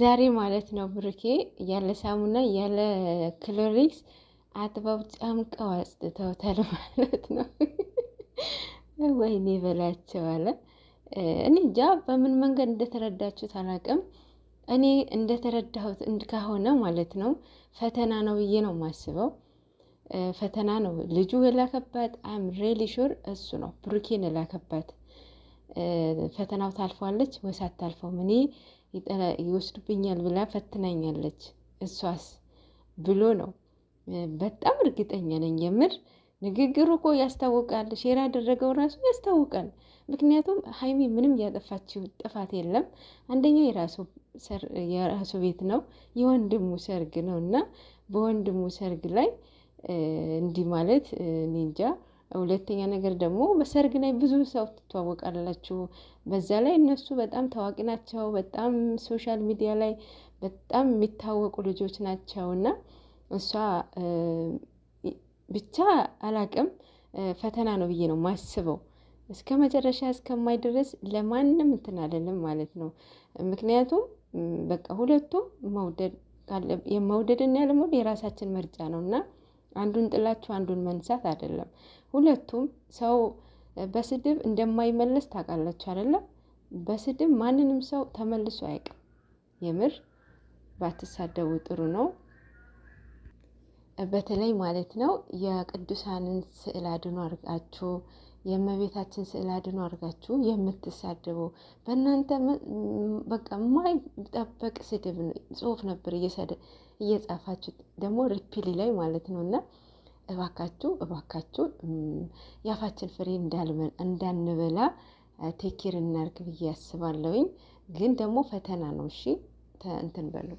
ዛሬ ማለት ነው ብሩኬ ያለ ሳሙና ያለ ክሎሪክስ አጥበው ጨምቀው አጽድተውታል ማለት ነው። ወይኔ በላቸው አለ። እኔ እንጃ በምን መንገድ እንደተረዳችሁት አላቅም። እኔ እንደተረዳሁት እንድካሆነ ማለት ነው ፈተና ነው ብዬ ነው የማስበው። ፈተና ነው ልጁ የላከባት። አም ሬሊ ሹር እሱ ነው ብሩኬን የላከባት። ፈተናው ታልፏለች ወይስ አታልፈውም? እኔ ይወስዱብኛል ብላ ፈትናኛለች እሷስ ብሎ ነው። በጣም እርግጠኛ ነኝ የምር ንግግሩ እኮ ያስታውቃል። ሼር ያደረገው ራሱ ያስታውቃል። ምክንያቱም ሀይሚ ምንም ያጠፋችው ጥፋት የለም። አንደኛው የራሱ ቤት ነው፣ የወንድሙ ሰርግ ነው እና በወንድሙ ሰርግ ላይ እንዲህ ማለት እኔ እንጃ። ሁለተኛ ነገር ደግሞ በሰርግ ላይ ብዙ ሰው ትተዋወቃላችሁ። በዛ ላይ እነሱ በጣም ታዋቂ ናቸው። በጣም ሶሻል ሚዲያ ላይ በጣም የሚታወቁ ልጆች ናቸው እና እሷ ብቻ አላቅም ፈተና ነው ብዬ ነው ማስበው። እስከ መጨረሻ እስከማይደረስ ለማንም እንትን አለንም ማለት ነው። ምክንያቱም በቃ ሁለቱም መውደድ የመውደድና ያለመውደድ የራሳችን ምርጫ ነው እና አንዱን ጥላችሁ አንዱን መንሳት አይደለም። ሁለቱም ሰው በስድብ እንደማይመለስ ታውቃላችሁ አይደለም? በስድብ ማንንም ሰው ተመልሶ አያውቅም። የምር ባትሳደቡ ጥሩ ነው። በተለይ ማለት ነው የቅዱሳንን ስዕል አድኖ አድርጋችሁ የእመቤታችን ስዕል አድኖ አድርጋችሁ የምትሳደቡ በእናንተ በቃ ማይጠበቅ ስድብ ጽሁፍ ነበር እየጻፋችሁ ደግሞ ሪፒሊ ላይ ማለት ነው እና እባካችሁ እባካችሁ የአፋችን ፍሬ እንዳንበላ ቴኪር እናርግ ብዬ ያስባለሁኝ። ግን ደግሞ ፈተና ነው። እሺ እንትን በሉ